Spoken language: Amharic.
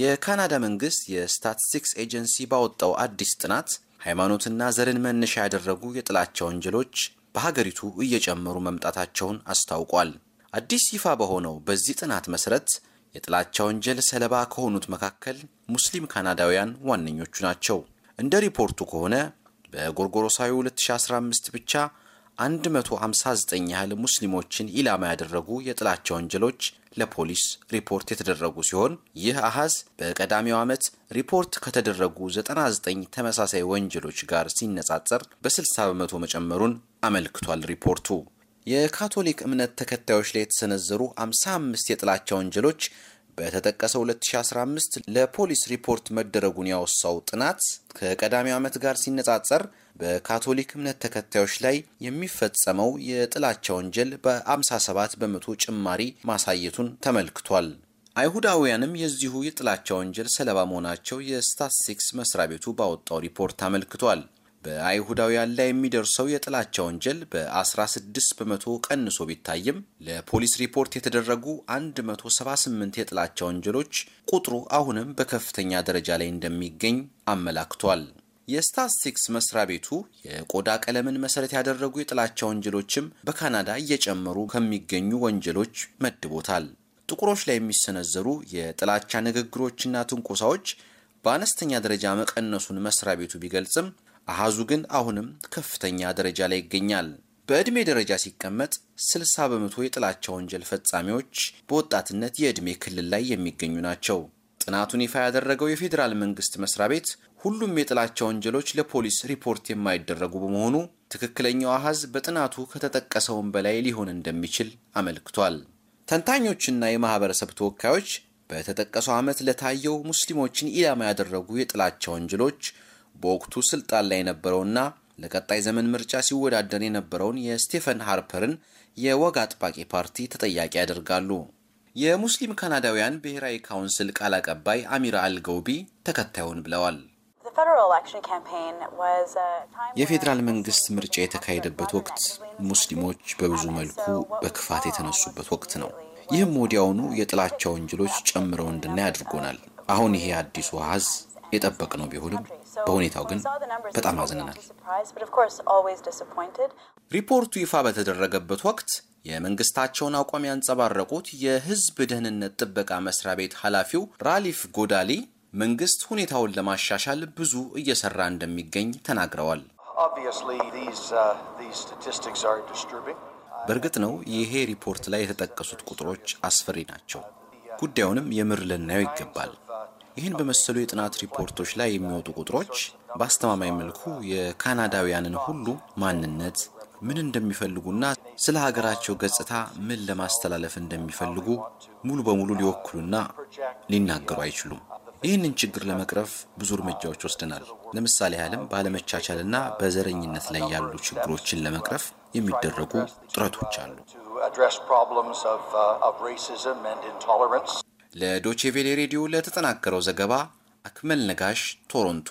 የካናዳ መንግስት የስታቲስቲክስ ኤጀንሲ ባወጣው አዲስ ጥናት ሃይማኖትና ዘርን መነሻ ያደረጉ የጥላቻ ወንጀሎች በሀገሪቱ እየጨመሩ መምጣታቸውን አስታውቋል። አዲስ ይፋ በሆነው በዚህ ጥናት መሰረት የጥላቻ ወንጀል ሰለባ ከሆኑት መካከል ሙስሊም ካናዳውያን ዋነኞቹ ናቸው። እንደ ሪፖርቱ ከሆነ በጎርጎሮሳዊ 2015 ብቻ 159 ያህል ሙስሊሞችን ኢላማ ያደረጉ የጥላቻ ወንጀሎች ለፖሊስ ሪፖርት የተደረጉ ሲሆን ይህ አሐዝ በቀዳሚው ዓመት ሪፖርት ከተደረጉ 99 ተመሳሳይ ወንጀሎች ጋር ሲነጻጸር በ60 በመቶ መጨመሩን አመልክቷል። ሪፖርቱ የካቶሊክ እምነት ተከታዮች ላይ የተሰነዘሩ 55 የጥላቻ ወንጀሎች በተጠቀሰው 2015 ለፖሊስ ሪፖርት መደረጉን ያወሳው ጥናት ከቀዳሚው ዓመት ጋር ሲነጻጸር በካቶሊክ እምነት ተከታዮች ላይ የሚፈጸመው የጥላቻ ወንጀል በ57 በመቶ ጭማሪ ማሳየቱን ተመልክቷል። አይሁዳውያንም የዚሁ የጥላቻ ወንጀል ሰለባ መሆናቸው የስታትስቲክስ መስሪያ ቤቱ ባወጣው ሪፖርት አመልክቷል። በአይሁዳውያን ላይ የሚደርሰው የጥላቻ ወንጀል በ16 በመቶ ቀንሶ ቢታይም ለፖሊስ ሪፖርት የተደረጉ 178 የጥላቻ ወንጀሎች ቁጥሩ አሁንም በከፍተኛ ደረጃ ላይ እንደሚገኝ አመላክቷል። የስታትስቲክስ መስሪያ ቤቱ የቆዳ ቀለምን መሰረት ያደረጉ የጥላቻ ወንጀሎችም በካናዳ እየጨመሩ ከሚገኙ ወንጀሎች መድቦታል። ጥቁሮች ላይ የሚሰነዘሩ የጥላቻ ንግግሮችና ትንኮሳዎች በአነስተኛ ደረጃ መቀነሱን መስሪያ ቤቱ ቢገልጽም አሃዙ ግን አሁንም ከፍተኛ ደረጃ ላይ ይገኛል። በዕድሜ ደረጃ ሲቀመጥ 60 በመቶ የጥላቻ ወንጀል ፈጻሚዎች በወጣትነት የዕድሜ ክልል ላይ የሚገኙ ናቸው። ጥናቱን ይፋ ያደረገው የፌዴራል መንግስት መስሪያ ቤት ሁሉም የጥላቻ ወንጀሎች ለፖሊስ ሪፖርት የማይደረጉ በመሆኑ ትክክለኛው አሃዝ በጥናቱ ከተጠቀሰውን በላይ ሊሆን እንደሚችል አመልክቷል። ተንታኞችና የማህበረሰብ ተወካዮች በተጠቀሰው ዓመት ለታየው ሙስሊሞችን ኢላማ ያደረጉ የጥላቻ ወንጀሎች በወቅቱ ስልጣን ላይ የነበረውና ለቀጣይ ዘመን ምርጫ ሲወዳደር የነበረውን የስቴፈን ሃርፐርን የወግ አጥባቂ ፓርቲ ተጠያቂ ያደርጋሉ። የሙስሊም ካናዳውያን ብሔራዊ ካውንስል ቃል አቀባይ አሚራ አልገውቢ ተከታዩን ብለዋል። የፌዴራል መንግስት ምርጫ የተካሄደበት ወቅት ሙስሊሞች በብዙ መልኩ በክፋት የተነሱበት ወቅት ነው። ይህም ወዲያውኑ የጥላቻ ወንጀሎች ጨምረው እንድናይ አድርጎናል። አሁን ይሄ አዲሱ አሃዝ የጠበቅነው ቢሆንም በሁኔታው ግን በጣም አዝነናል። ሪፖርቱ ይፋ በተደረገበት ወቅት የመንግስታቸውን አቋም ያንጸባረቁት የህዝብ ደህንነት ጥበቃ መስሪያ ቤት ኃላፊው ራሊፍ ጎዳሊ መንግስት ሁኔታውን ለማሻሻል ብዙ እየሰራ እንደሚገኝ ተናግረዋል። uh, በእርግጥ ነው ይሄ ሪፖርት ላይ የተጠቀሱት ቁጥሮች አስፈሪ ናቸው። ጉዳዩንም የምር ልናየው ይገባል። ይህን በመሰሉ የጥናት ሪፖርቶች ላይ የሚወጡ ቁጥሮች በአስተማማኝ መልኩ የካናዳውያንን ሁሉ ማንነት ምን እንደሚፈልጉና ስለ ሀገራቸው ገጽታ ምን ለማስተላለፍ እንደሚፈልጉ ሙሉ በሙሉ ሊወክሉና ሊናገሩ አይችሉም። ይህንን ችግር ለመቅረፍ ብዙ እርምጃዎች ወስደናል። ለምሳሌ ያህልም ባለመቻቻልና በዘረኝነት ላይ ያሉ ችግሮችን ለመቅረፍ የሚደረጉ ጥረቶች አሉ። ለዶቼቬሌ ሬዲዮ ለተጠናከረው ዘገባ አክመል ነጋሽ ቶሮንቶ